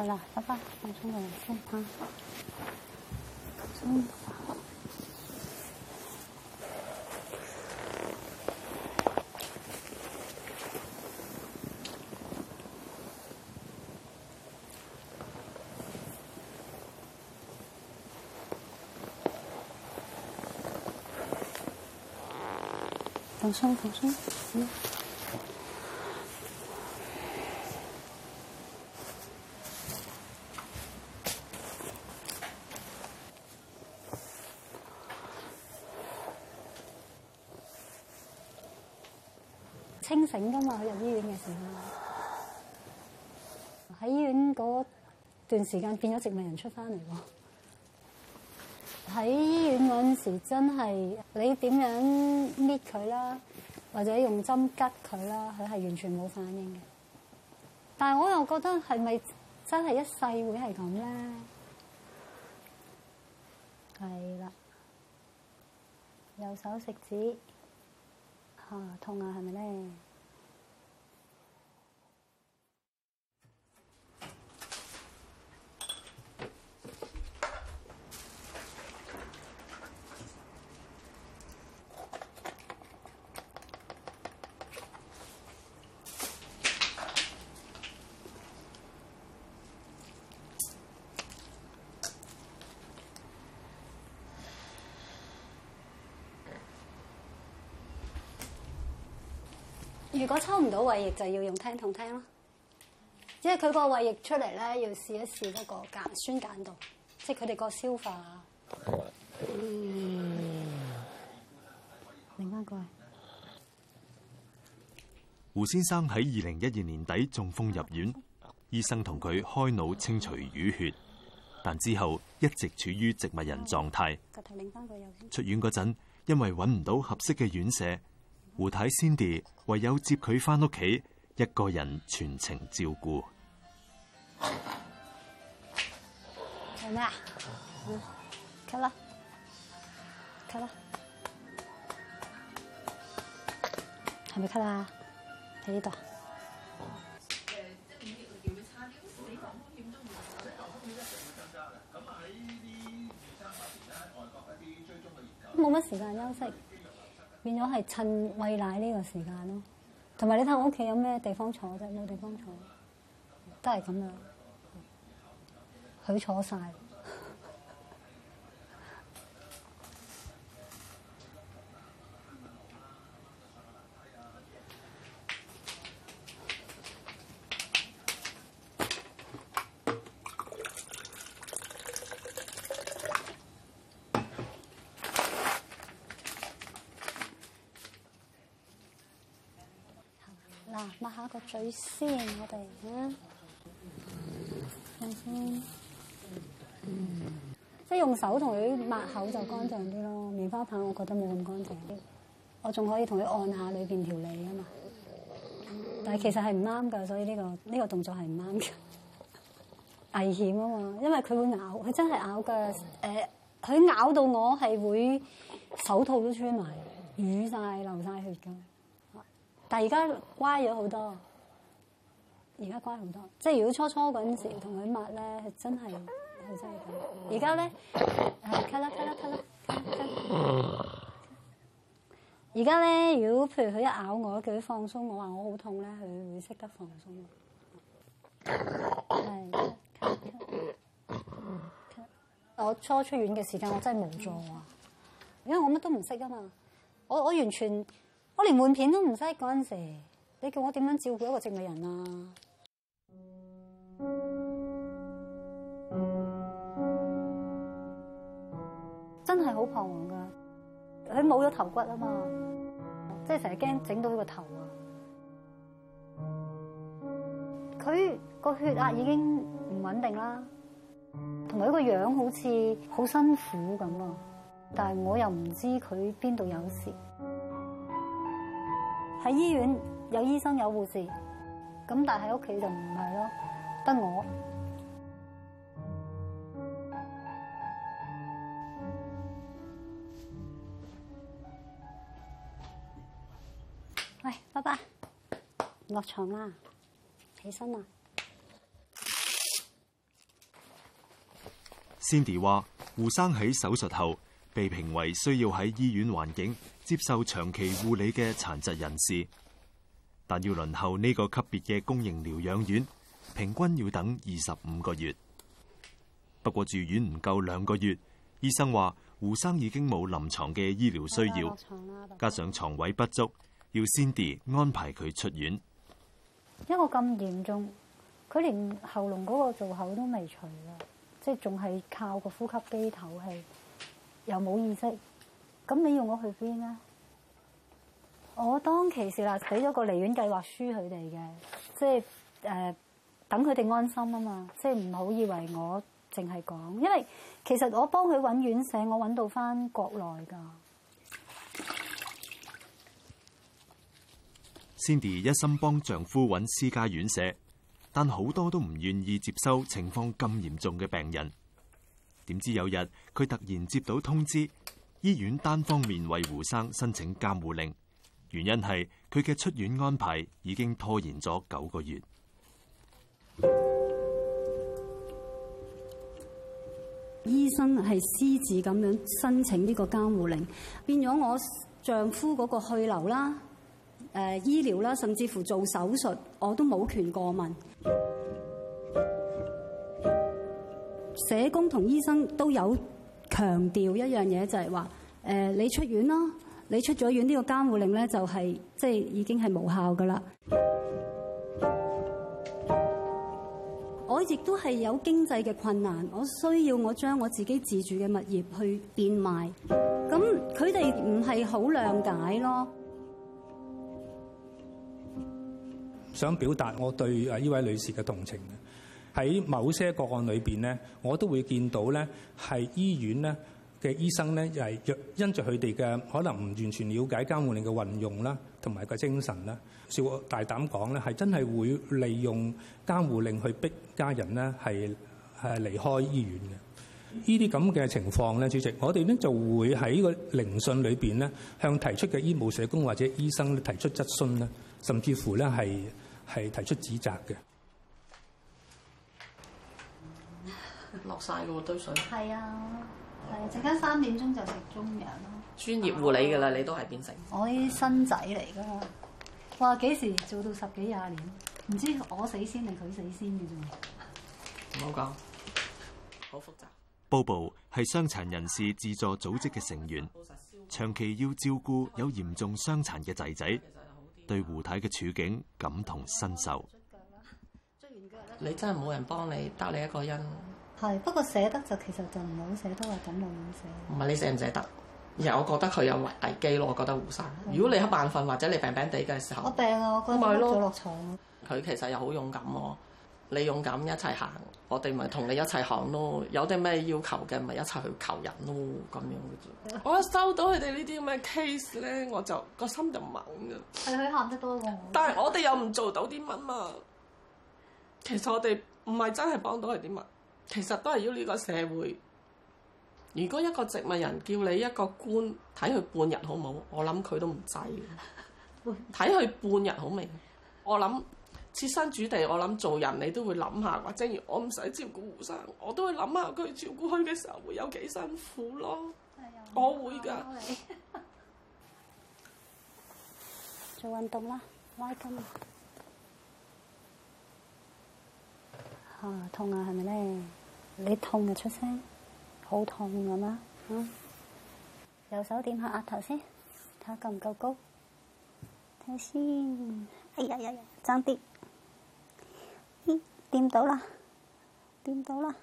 好了，拜拜、right, mm，放鬆點，放鬆。真好，等先，醒噶嘛？佢入醫院嘅時候，喺醫院嗰段時間變咗植物人出翻嚟喎。喺醫院嗰陣時真，真係你點樣搣佢啦，或者用針拮佢啦，佢係完全冇反應嘅。但係我又覺得係咪真係一世會係咁咧？係啦，右手食指嚇、啊、痛啊係咪呢，係咪咧？如果抽唔到胃液，就要用聽筒聽咯，因為佢個胃液出嚟咧，要試一試嗰個鹼，酸鹼度，即係佢哋個消化。拎翻過嚟。胡先生喺二零一二年底中風入院，醫生同佢開腦清除淤血，但之後一直處於植物人狀態。出院嗰陣，因為揾唔到合適嘅院舍。胡太先跌，唯有接佢返屋企，一個人全程照顧。開咩啊？開啦，開啦，還、嗯、沒開啊？喺呢度。冇乜時間休息。變咗係趁餵奶呢個時間咯，同埋你睇我屋企有咩地方坐啫，冇地方坐，都係咁樣，佢坐晒。抹下個嘴先，我哋嗯，用先，即係用手同佢抹口就乾淨啲咯。棉花棒我覺得冇咁乾淨啲，我仲可以同佢按下裏邊條脷啊嘛。但係其實係唔啱噶所以呢、這個呢、這個動作係唔啱噶 危險啊嘛。因為佢會咬，佢真係咬噶。誒、呃，佢咬到我係會手套都穿埋，淤晒流晒血噶。但係而家乖咗好多，而家乖好多。即係如果初初嗰陣時同佢抹咧，真係係真係咁。而家咧，係咳啦咳啦咳啦咳啦。而家咧，如果譬如佢一咬我，叫佢放鬆，我話我好痛咧，佢會識得放鬆。係咳咳咳。我初出院嘅時間，我真係無助啊，因為我乜都唔識啊嘛，我我完全。我連換片都唔使干涉，嗰時，你叫我點樣照顧一個植物人啊？真係好彷徨噶，佢冇咗頭骨啊嘛，即係成日驚整到佢個頭啊！佢個血壓已經唔穩定啦，同埋佢個樣好似好辛苦咁啊！但係我又唔知佢邊度有事。喺醫院有醫生有護士，咁但係屋企就唔係咯，得我。喂，爸爸，落床啦，起身啦。Cindy 話：胡生喺手術後被評為需要喺醫院環境。接受長期護理嘅殘疾人士，但要輪候呢個級別嘅公營療養院，平均要等二十五個月。不過住院唔夠兩個月，醫生話胡生已經冇臨床嘅醫療需要，加上床位不足，要先啲安排佢出院。一個咁嚴重，佢連喉嚨嗰個造口都未除啊！即係仲係靠個呼吸機透氣，又冇意識。咁你要我去邊呢？我當其時啦，寫咗個離院計劃書佢哋嘅，即係誒等佢哋安心啊嘛，即係唔好以為我淨係講，因為其實我幫佢揾院舍，我揾到翻國內噶。Cindy 一心幫丈夫揾私家院舍，但好多都唔願意接收情況咁嚴重嘅病人。點知有日佢突然接到通知。醫院單方面為胡生申請監護令，原因係佢嘅出院安排已經拖延咗九個月。醫生係私自咁樣申請呢個監護令，變咗我丈夫嗰個去留啦，誒醫療啦，甚至乎做手術，我都冇權過問。社工同醫生都有。強調一樣嘢就係話，誒、呃、你出院啦，你出咗院呢個監護令咧就係即係已經係無效噶啦。 我亦都係有經濟嘅困難，我需要我將我自己自住嘅物業去變賣，咁佢哋唔係好諒解咯。 想表達我對啊呢位女士嘅同情。喺某些個案裏邊咧，我都會見到咧，係醫院咧嘅醫生咧，又係因着佢哋嘅可能唔完全了解監護令嘅運用啦，同埋個精神啦，恕我大膽講咧，係真係會利用監護令去逼家人咧係係離開醫院嘅。呢啲咁嘅情況咧，主席，我哋咧就會喺個聆訊裏邊咧，向提出嘅醫務社工或者醫生提出質詢啦，甚至乎咧係係提出指責嘅。落晒個堆水。係啊，係啊，陣間三點鐘就食中藥咯。啊、專業護理㗎啦，你都係變成。我啲新仔嚟㗎嘛，哇！幾時做到十幾廿年？唔知我死先定佢死先㗎啫。唔好講，好複雜。Bobo 係傷殘人士自助組織嘅成員，長期要照顧有嚴重傷殘嘅仔仔，對胡太嘅處境感同身受。你真係冇人幫你，得你一個人。係，不過捨得就其實就唔好捨得話咁樣咁捨。唔係你捨唔捨得，而係我覺得佢有危危機咯。我覺得胡生，嗯、如果你喺眼瞓或者你病病地嘅時候，我病啊，我今日跌咗落床。佢其實又好勇敢咯，你勇敢一齊行，我哋咪同你一齊行咯。有啲咩要求嘅咪一齊去求人咯，咁樣嘅啫。 我一收到佢哋呢啲咁嘅 case 咧，我就個心就唔猛嘅。係佢喊得多喎，但係我哋又唔做到啲乜嘛。其實我哋唔係真係幫到佢啲乜。其實都係要呢個社會。如果一個植物人叫你一個官，睇佢半日好唔好？我諗佢都唔制。睇 佢半日好明。我諗設身處地，我諗做人你都會諗下。或者如我唔使照顧胡生，我都會諗下佢照顧佢嘅時候會有幾辛苦咯。哎、呦我會㗎。 做運動啦，拉筋。啊，痛啊，係咪咧？你痛就出聲，好痛係嘛？嗯，右手點下額頭先，睇下夠唔夠高？睇下先，哎，哎呀呀呀，爭啲，掂、哎、到啦，掂到啦，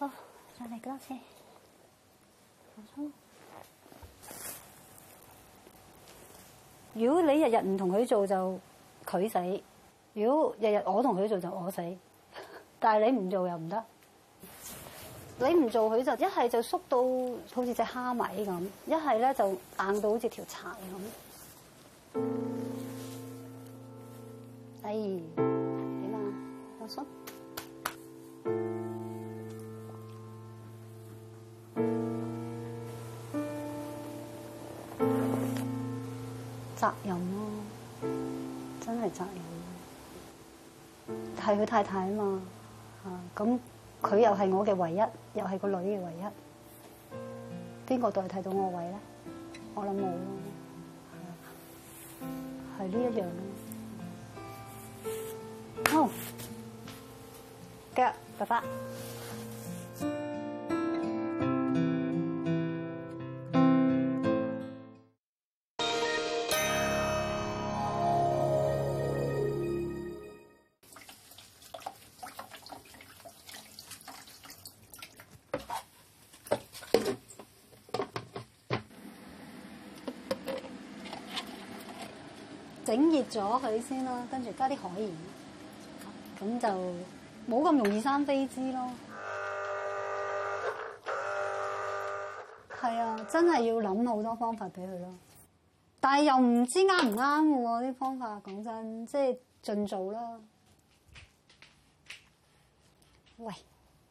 好，再嚟多一次。如果你日日唔同佢做就佢死，如果日日我同佢做就我死。但係你唔做又唔得，你唔做佢就一係就縮到好似隻蝦米咁，一係咧就硬到好似條柴咁。第二點啊，我出責任咯、啊，真係責任，係佢太太啊嘛。啊、嗯！咁佢又係我嘅唯一，又係個女嘅唯一，邊個代替到我位咧？我諗冇咯，係呢一樣咯。好，嘅，爸爸。整熱咗佢先啦，跟住加啲海鹽，咁就冇咁容易生飛滋咯。係 啊，真係要諗好多方法俾佢咯。但係又唔知啱唔啱喎，啲方法講真，即係盡做啦。喂，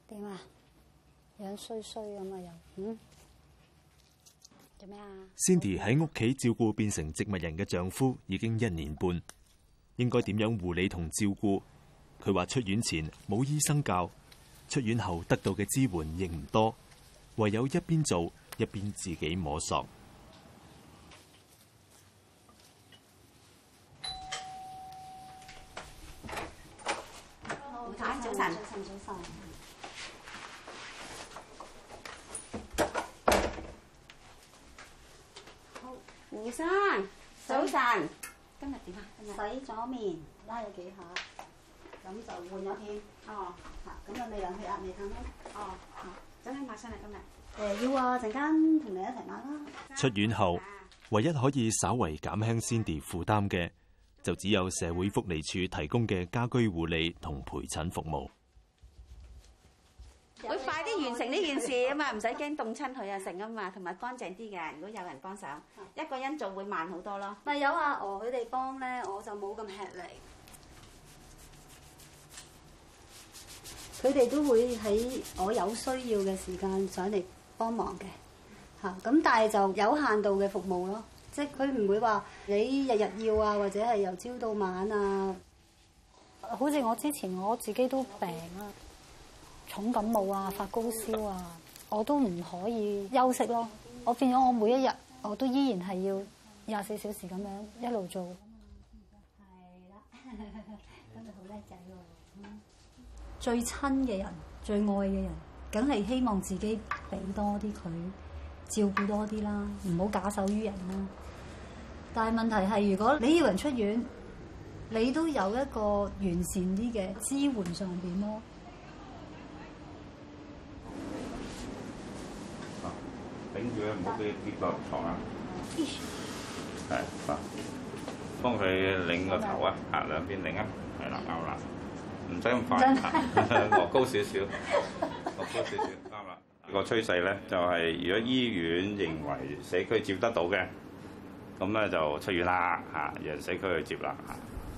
點啊？樣衰衰咁啊又。嗯 c i n d y 喺屋企照顧變成植物人嘅丈夫已經一年半，應該點樣護理同照顧？佢話出院前冇醫生教，出院後得到嘅支援亦唔多，唯有一邊做一邊自己摸索。咁就未有氣壓未透咯。哦，好，真係抹上嚟今日。誒，要啊，陣間同你一齊抹啦。出院後，唯一可以稍為減輕 Cindy 負擔嘅，就只有社會福利處提供嘅家居護理同陪診服務。會快啲完成呢件事啊嘛，唔使驚凍親佢啊成啊嘛，同埋乾淨啲嘅。如果有人幫手，一個人做會慢好多咯。咪有阿娥佢哋幫咧，我就冇咁吃力。佢哋都會喺我有需要嘅時間上嚟幫忙嘅，嚇咁但係就有限度嘅服務咯，即係佢唔會話你日日要啊，或者係由朝到晚啊，好似我之前我自己都病啊，重感冒啊，發高燒啊，我都唔可以休息咯，我變咗我每一日我都依然係要廿四小時咁樣一路做。係啦，咁咪好叻仔喎！ 最親嘅人、最愛嘅人，梗係希望自己俾多啲佢照顧多啲啦，唔好假手於人啦。但係問題係，如果你要人出院，你都有一個完善啲嘅支援上邊咯、啊。 啊，頂住啊，唔好俾跌落床啊！係啊，幫佢擰個頭啊，啊兩邊擰啊，係啦，咬啦。唔使咁快，的 落高少少，落高少少，啱啦。個趨勢咧就係、是，如果醫院認為社區接得到嘅，咁咧就出院啦，嚇，由社區去接啦，嚇。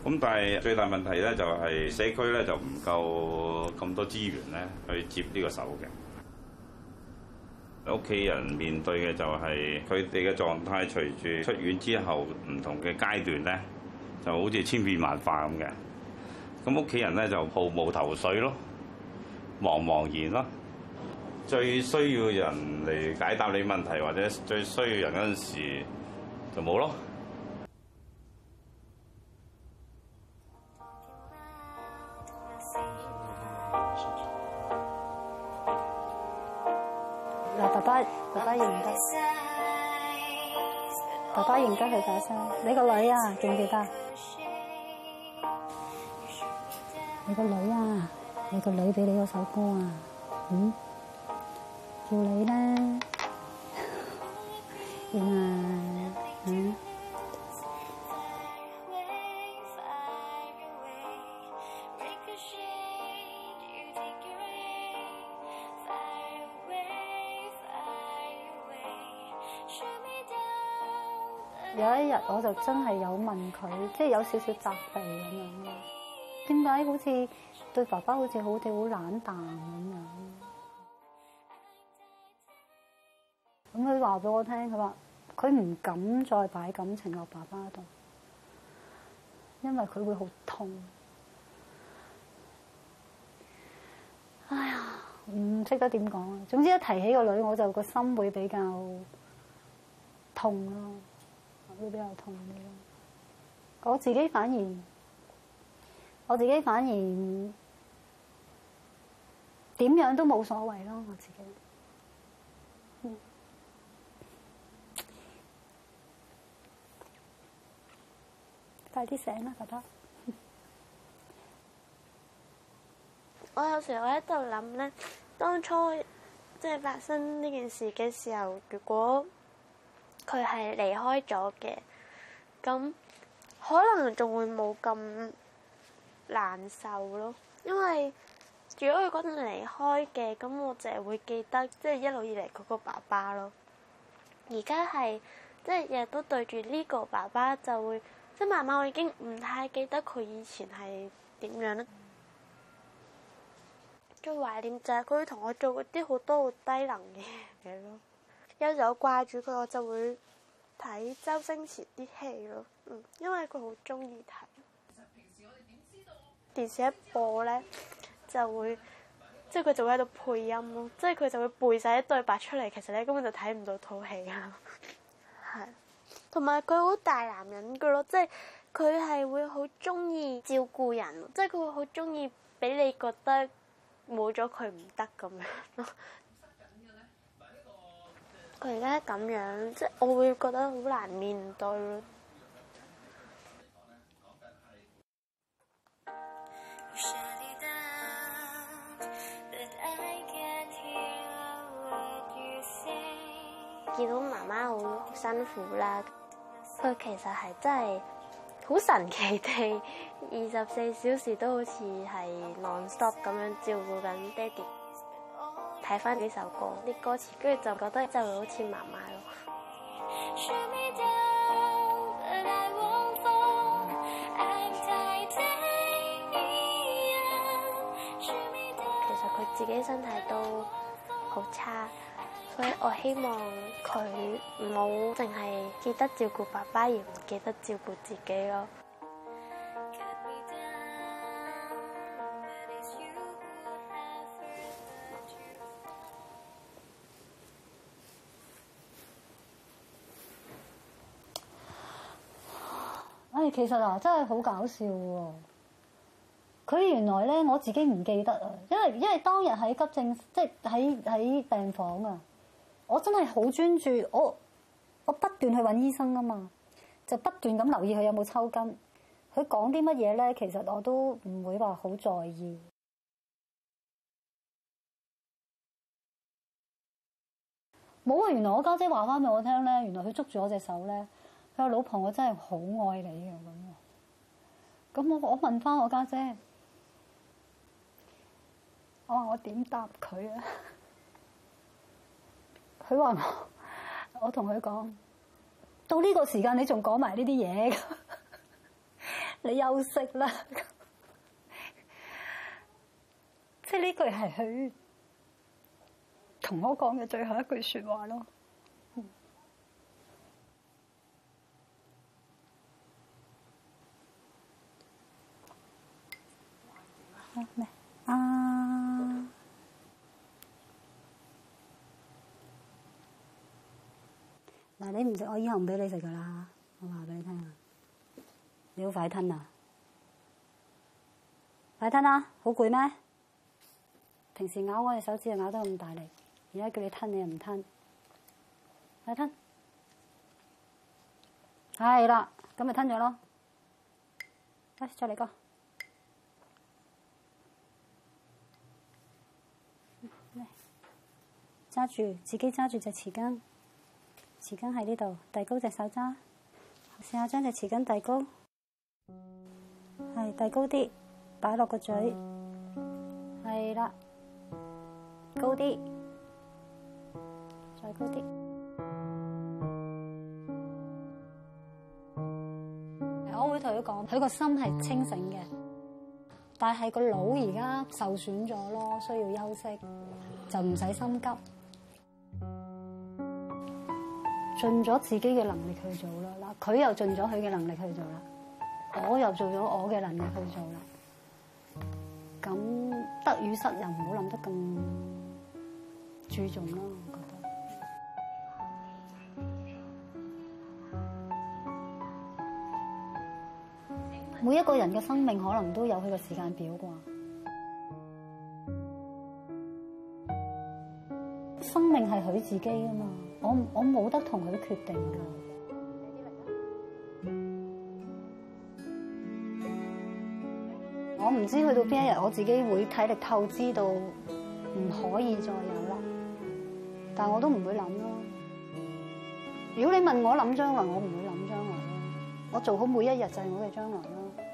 咁但係最大問題咧就係、是、社區咧就唔夠咁多資源咧去接呢個手嘅。屋企人面對嘅就係佢哋嘅狀態，隨住出院之後唔同嘅階段咧，就好似千變萬化咁嘅。咁屋企人咧就毫無頭緒咯，茫茫然咯，最需要人嚟解答你問題或者最需要人嗰陣時就冇咯。爸爸爸爸認得，爸爸認得佢講聲，你個女啊，記唔記得？你個女啊，你個女俾你嗰首歌啊，嗯，叫你咧， 因為，嗯。 有一日我就真係有問佢，即係有少少責備咁樣咯。點解好似對爸爸好似好哋好冷淡咁樣？咁佢話俾我聽，佢話佢唔敢再擺感情落爸爸度，因為佢會好痛。哎呀，唔識得點講。總之一提起個女，我就個心會比較痛咯，會比較痛啲咯。我自己反而。我自己反而點樣都冇所謂咯，我自己。嗯、快啲醒啦，佢得。我有時我喺度諗呢。當初即係發生呢件事嘅時候，如果佢係離開咗嘅，咁可能仲會冇咁。難受咯，因為如果佢嗰陣離開嘅，咁我就係會記得，即係一路以嚟嗰個爸爸咯。而家係即係日日都對住呢個爸爸，就會即係慢慢我已經唔太記得佢以前係點樣咧，嗯、最懷念就係佢會同我做嗰啲好多好低能嘅嘢咯。有時候掛住佢，我就會睇周星馳啲戲咯。嗯，因為佢好中意睇。電視一播咧，就會即係佢就會喺度配音咯，即係佢就會背晒一堆白出嚟，其實咧根本就睇唔到套戲啊。係，同埋佢好大男人嘅咯，即係佢係會好中意照顧人，即係佢會好中意俾你覺得冇咗佢唔得咁樣咯。佢而家咁樣，即係我會覺得好難面對。媽好辛苦啦！佢其實係真係好神奇地，二十四小時都好似係 non-stop 咁樣照顧緊爹哋。睇翻呢首歌啲歌詞，跟住就覺得真係好似媽媽咯，嗯。其實佢自己身體都好差。所以我希望佢唔好淨係記得照顧爸爸，而唔記得照顧自己咯。唉，其實啊，真係好搞笑喎，啊！佢原來咧，我自己唔記得啊，因為因為當日喺急症，即係喺喺病房啊。我真係好專注，我我不斷去搵醫生㗎嘛，就不斷咁留意佢有冇抽筋。佢講啲乜嘢咧？其實我都唔會話好在意。冇啊！ 原來我家姐話翻俾我聽咧，原來佢捉住我隻手咧，佢話 老婆，我真係好愛你嘅咁。咁我我問翻我家姐，姐， 哦、我話我點答佢啊？ 佢話我，同佢講，到呢個時間你仲講埋呢啲嘢， 你休息啦。 即係呢句係佢同我講嘅最後一句説話咯。好、嗯，好啊。你唔食，我以後唔俾你食噶啦！我話俾你聽啊，你好快吞啊！快吞啦，啊，好攰咩？平時咬我隻手指又咬得咁大力，而家叫你吞你又唔吞，快吞！係啦，咁咪吞咗咯。再嚟個，揸住自己揸住隻匙羹。匙羹喺呢度，遞高隻手踭，試下將隻匙羹遞高，係遞高啲，擺落個嘴，係啦，高啲，再高啲。 我會同佢講，佢個心係清醒嘅，但係個腦而家受損咗咯，需要休息，就唔使心急。盡咗自己嘅能力去做咯，嗱，佢又盡咗佢嘅能力去做啦，我又做咗我嘅能力去做啦，咁得與失又唔好諗得咁注重咯。我覺得每一個人嘅生命可能都有佢嘅時間表啩，生命係佢自己啊嘛。我我冇得同佢決定㗎，我唔知去到邊一日，我自己會體力透支到唔可以再有啦。但我都唔會諗咯。如果你問我諗將來，我唔會諗將來咯。我做好每一日就係我嘅將來咯。